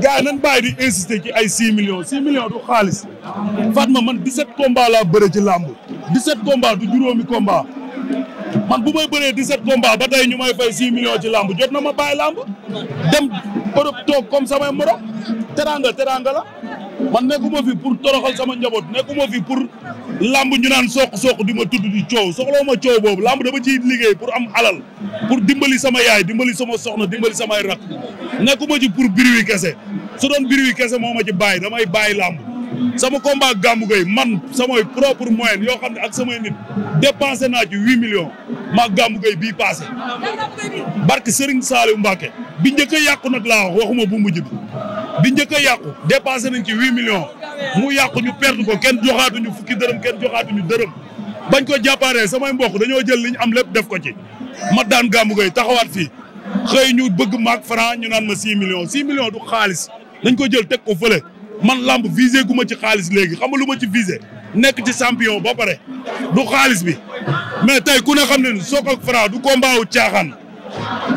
gars yi nañ bàyyi di insister ci ay 6 millions 6 millions du xaalis Fatma man 17 combats laa bëre ci làmb 17 combats du juróomi combat man bu may bëree 17 combats ba tey ñu may fay 6 millions ci làmb jot na ma bàyyi làmb dem Europe toog comme samay morom teranga teranga la. man nekkuma fi pour toroxal sama njaboot nekkuma fi pour lamb ñu naan soq soq di ma tudd di coow soxlawu ma coow boobu lamb dama ciy liggéey pour am alal pour dimbali sama yaay dimbali sama soxna dimbali samay rak nekkuma ci pour biri wi kese su doon biri kese moo ma ci bàyyi damay bàyyi lamb sama combat gàmmu gay man samay propre moyen yoo xam ne ak sama nit dépensé naaj ci huit millions maa gàmmu gay bii passé barke Serigne Saliou Mbacke bi njëkk yàqu nag laa waxuma bu mujj bi bi njëkk a yàqu dépassé nañ ci huit million mu yàqu ñu perte ko kenn joxaatuñu fukki dërëm kenn joxaatuñu dërëm bañ ko jàppaaree samay mbokk dañoo jël liñ am lépp def ko ci ma daan gàmmu gay taxawaat fii xëy ñu bëgg maak franc ñu naan ma six million six millions du xaalis dañ ko jël teg ko fële man lamb visé gu ma ci xaalis léegi xam nga lu ma ci visé nekk ci champion ba pare du xaalis bi mais tey ku ne xam ne ni soog ak franc du combat wu caaxaan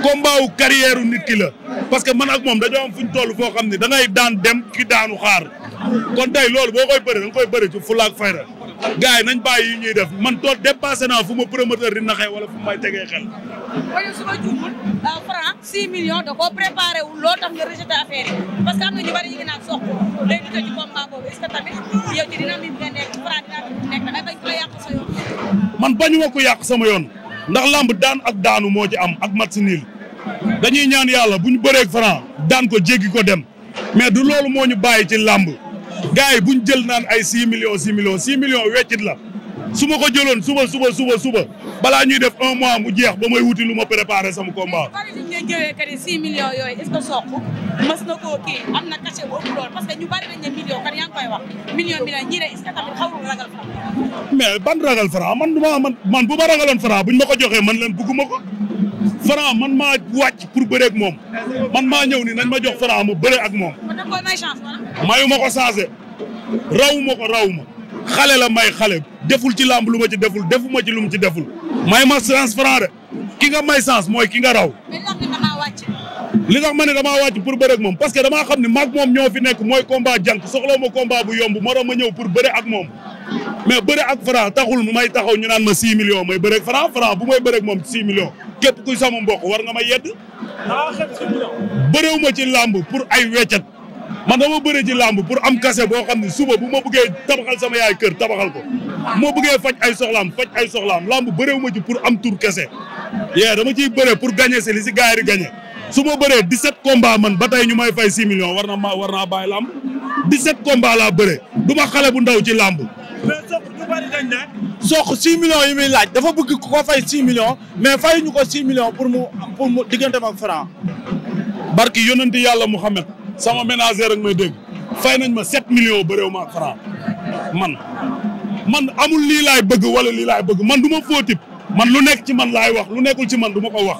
combat wu carrière nit ki la parce que man ak moom dañoo am fu ñu toll foo xam ne da ngay daan dem ki daanu xaar kon tey loolu boo koy bëri da nga koy bëri ci fulla ak fayda gars yi nañ bàyyi yi ñuy def man toog dépassé naa fu ma promoteur di naxee wala fu may tegee xel. waaye su ma juumul euh, franc 6 millions da koo préparé wul loo tax nga rejeté affaire yi am na ñu nga nekk franc man bañu ma ko yàq sama yoon. ndax lamb daan ak daanu moo ci am ak match nul dañuy ñaan yàlla bu ñu bëreeg Franc daan ko jéggi ko dem mais du loolu moo ñu bàyyi ci lamb gars yi bu jël naan ay 6 millions 6 millions 6 millions weccit la su ma ko jëloon suba suba suba suba balaa ñuy def un mois mu jeex ba may wuti lu ma préparé sama combat. géwéekat yi 6 millions yooyu est ce que soq mës na koo kii am na cachet bu ëpp lool parce que ragal Franc. mais bu ñu ragaloon ma ko joxee man leen ma ko Franc man maa wàcc pour bëre ak moom man maa ñëw ni nañ ma jox Franc mu bëre ak moom. kon da nga koy may ma ko changé rawu ma ko rawu ma xale la may xale deful ci làmb lu ma ci deful defuma ci lu mu ci deful may ma chance Franc de ki nga may chance mooy ki nga raw. li tax ma ne damaa wàcc pour bëre ak moom parce que xam ne maag moom ñoo fi nekk mooy combat jànk soxla ma combat bu yomb moo tax ma ñëw pour bëre ak moom mais bëre ak Franc taxul may taxaw ñu naan ma 6 millions may bëre ak Franc Franc bu may bëre ak moom 6 millions képp kuy sama mbokk war nga ma yedd bëreewu ma ci làmb pour ay weccat man dama bëre ci làmb pour am kase boo xam ne suba bu ma bëggee tabaxal sama yaay kër tabaxal ko bu ma bëggee faj ay soxlam faj ay soxlaam làmb bëreewu ma ci pour am tur kese yee dama ciy bëre pour gagner si li si gars yi su ma bëree 17 combats man ba tey ñu may fay 6 millions war na ma war naa bàyyi làmb 17 combats laa bëree du ma xale bu ndaw ci làmb. mais sox ñu bëri dañ ne. yi muy laaj dafa bëgg ko fay 6 million mais fayuñu ko 6 millions pour mu pour mu digganteem ak Franc. barki yonenti yàlla Mouhamed sama ménagère ak may dégg fay nañ ma 7 millions bëreew ma ak Franc man man amul lii laay bëgg wala lii laay bëgg man du ma fóotib man lu nekk ci man laay wax lu nekkul ci man du ma ko wax.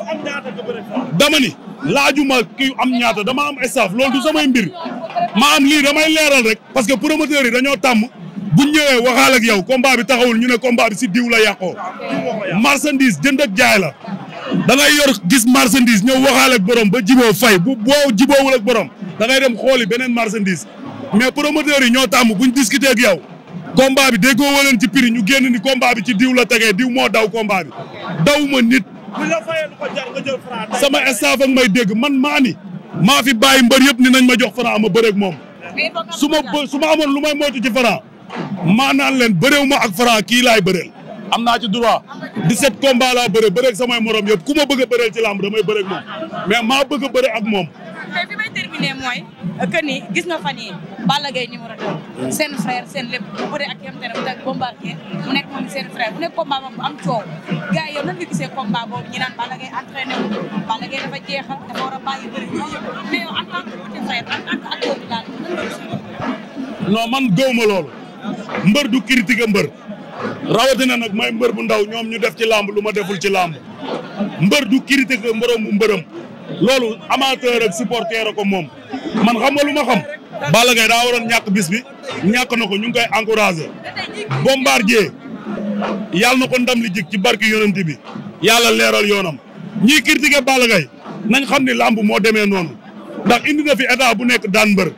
dama laajuma kii am ñaata dama am staff loolu du samay mbir ma am lii damay leeral rek parce que promoteurs yi dañoo tàmm bu ñëwee waxaal ak yow combat bi taxawul ñu ne combat si diw la yàqoo marchandise jënd ak jaay la da ngay yor gis marchandise ñëw waxaal ak borom ba jiboo fay bu boo jiboowul ak borom da ngay dem xooli beneen marchandise mais promoteurs yi ñoo tàmm buñ discuter ak yow combat bi déggoo waleen ci prix ñu génn ni combat bi ci diw la tegee diw moo daw combat sama staff ak may dégg man maa ni maa fi bàyyi mbër yëpp ni nañ ma jox Franc ma bëreeg moom su ma su ma amoon lu may moytu ci Franc maa naan leen bëreew ma ak Franc kii laay bëreel am naa ci droit 17 combats laa bëre bëreeg samay morom yëpp ku ma bëgg a bëreel ci làmb damay bëreeg moom mais maa bëgg a bëre ak moom gis nga Balla Gaye seen frère seen lépp bu bëree ak yam tere mu teg bombardier mu nekk moom seen frère bu nekk combat am coow gars yow nan nga gisee boobu ñu naan Balla Gaye entraîné wu Balla Gaye dafa jeexal dafa war a bàyyi bëri mais yow en tant ma loolu mbër du critique mbër rawatina nag mbër bu ndaw ñoom ñu def ci lamb lu ma deful ci làmb mbër du critique mbërëm bu mbërëm loolu amateur ak supporter ko moom man xam lu ma xam Balla Gaye daa waroon ñàkk bis bi ñàkk na ko ñu ngi koy encouragé bombardier yàlla na ko ndam li jik ci barki yonent bi yàlla leeral ñii ñiy critiqué Balla Gaye nañ xam ni làmb moo demee noonu ndax indi na fi état bu nekk daan mbër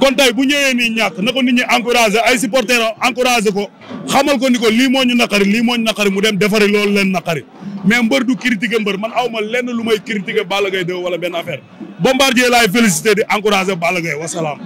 kon tey bu ñëwee nii ñàkk na ko nit ñi encouragé ay supporters encouragé ko xamal ko ni ko lii moo ñu naqari lii moo ñu naqari mu dem defari loolu leen naqari mais mbër du critiqué mbër man awma lenn lu may critiqué Balla Gaye 2 wala benn affaire Bombardier laay félicité di encouragé Balla Gaye wasalaam.